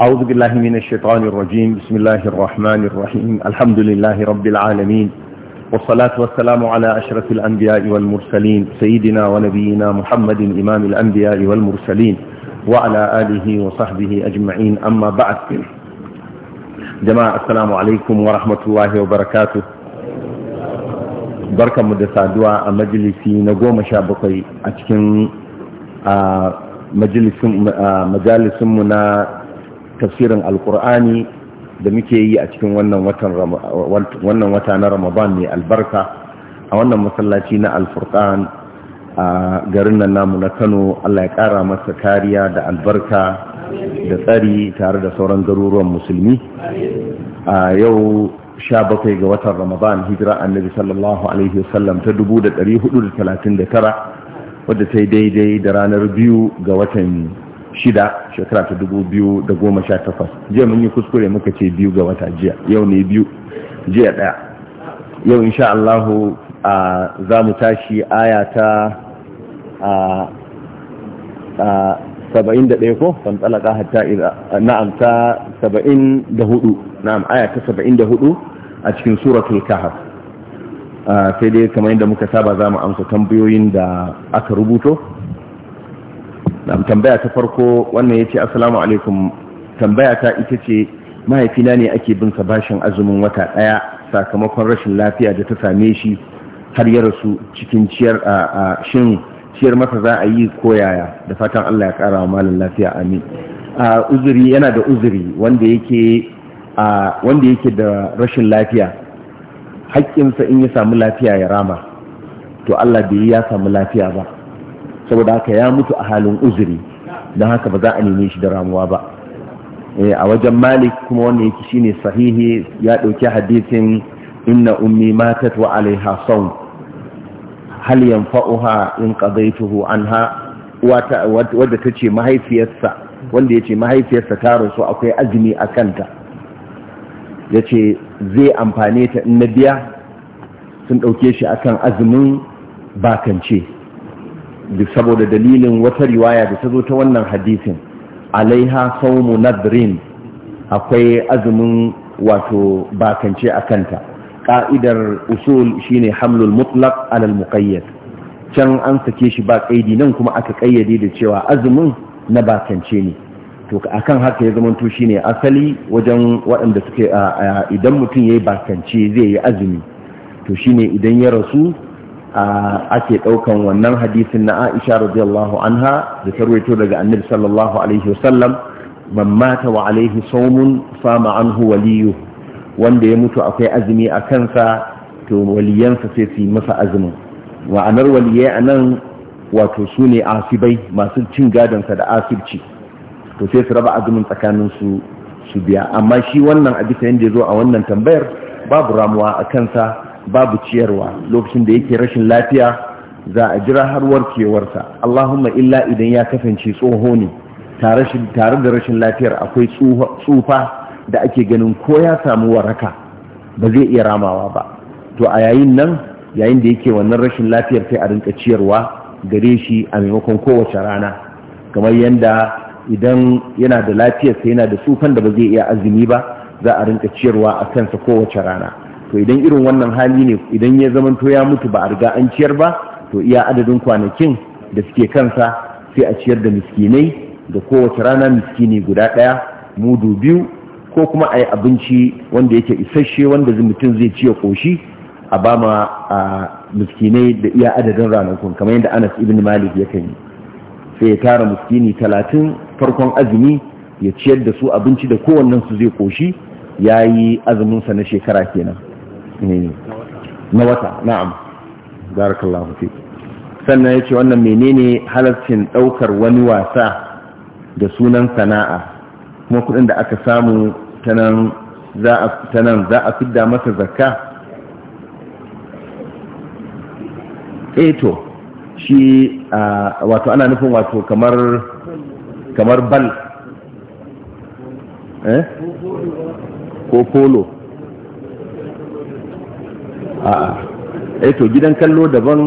أعوذ بالله من الشيطان الرجيم بسم الله الرحمن الرحيم الحمد لله رب العالمين والصلاة والسلام على أشرف الأنبياء والمرسلين سيدنا ونبينا محمد إمام الأنبياء والمرسلين وعلى آله وصحبه أجمعين أما بعد جماعة السلام عليكم ورحمة الله وبركاته mu da saduwa a majalisi na goma sha bakwai a cikin majalisunmu na tafsirin alkur'ani da muke yi a cikin wannan wata na ramadan mai albarka a wannan masallaci na alfurkan a garin nan namu na kano allah ya kara masa kariya da albarka da tsari tare da sauran garuruwan musulmi a yau 17 ga watan ramadan hijira annabi sallallahu alaihi wasallam ta 439 wadda ta yi daidai da ranar biyu ga watan shida shekara ta 2018 jiya mun yi kuskure muka ce biyu ga wata jiya yau ne biyu jiya daya yau insha Allahu za mu tashi aya ta 71 ko fantalaka hatta na'am ta saba'in da hudu na'am aya ta hudu. a cikin suratul kahf ah, sai dai kamar yadda muka saba za mu amsa tambayoyin da aka rubuto tambaya ta farko wannan ya ce assalamu alaikum tambaya ta ita ce mahaifina ne ake bin sa bashin azumin wata ɗaya sakamakon rashin lafiya da ta same shi har ya rasu cikin ciyar a shin ciyar masa za a yi koyaya da fatan Allah ya kara wa malin lafiya amin ah, uzuri yana da uzuri wanda yake a wanda yake da rashin lafiya haƙƙinsa in ya samu lafiya ya rama to Allah bai ya samu lafiya ba saboda haka ya mutu a halin uzuri don haka ba za a neme shi da ramuwa ba eh, a wajen malik kuma wanda yake shine sahihi ya ɗauki hadisin inna ummi matat wa alaiha saum hal yanfa'uha in qadaytuhu anha wadda ce mahaifiyarsa wanda yace mahaifiyarsa ta rasu akwai azumi a kanta ya ce zai amfane ta in na biya sun ɗauke shi akan azumin bakance duk saboda dalilin wata riwaya da ta zo ta wannan hadisin alaiha saumu nadrin akwai azumin wato bakance a kanta ƙa'idar usul shine hamlul mutlaq alal muqayyad can an sake shi ba ƙaidi nan kuma aka ƙayyade da cewa azumin na bakance ne to a kan haka ya zamanto shine asali wajen waɗanda suke idan mutum ya yi bakance zai yi azumi to shi ne idan ya rasu ake ɗaukan wannan hadisin na Aisha radiyallahu anha da tarwaito daga Annabi sallallahu alaihi wasallam man mata wa alaihi saumun fama anhu waliyu wanda ya mutu akwai azumi a kansa to waliyansa sai su yi masa azumin wa'anar waliyai a nan wato su ne asibai masu cin gadonsa da asibci to sai su raba azumin tsakanin su su biya amma shi wannan a bisa yadda ya zo a wannan tambayar babu ramuwa a kansa babu ciyarwa lokacin da yake rashin lafiya za a jira har warkewarsa allahumma illa idan ya kasance tsoho ne tare da rashin lafiyar akwai tsufa da ake ganin ko ya samu waraka ba zai iya ramawa ba to a yayin nan yayin da yake wannan rashin lafiyar sai a rinka ciyarwa gare shi a maimakon kowace rana kamar yadda idan yana da lafiyarsa yana da tsufan da ba zai iya azumi ba za a rinka ciyarwa a kansa kowace rana to idan irin wannan hali ne idan ya zama to ya mutu ba a riga an ciyar ba to iya adadin kwanakin da suke kansa sai a ciyar da miskinai da kowace rana miskini guda ɗaya mudu biyu ko kuma a yi abinci wanda yake isasshe wanda mutum zai ciye koshi a ba ma miskinai da iya adadin ranakun kamar yadda anas ibn malik ya kan yi sai ya tara muskini talatin farkon azumi ya ciyar da su abinci da kowannen su zai koshi ya yi azuminsa na shekara kenan eh, na wata na'am barakallahu fi sannan ya ce wannan menene halarcin ɗaukar wani wasa da sunan sana'a kuma kuɗin da aka samu ta nan za a fidda masa zakka eto eh shi wato ana nufin wato kamar kamar bal eh ko polo a'a eh to gidan kallo daban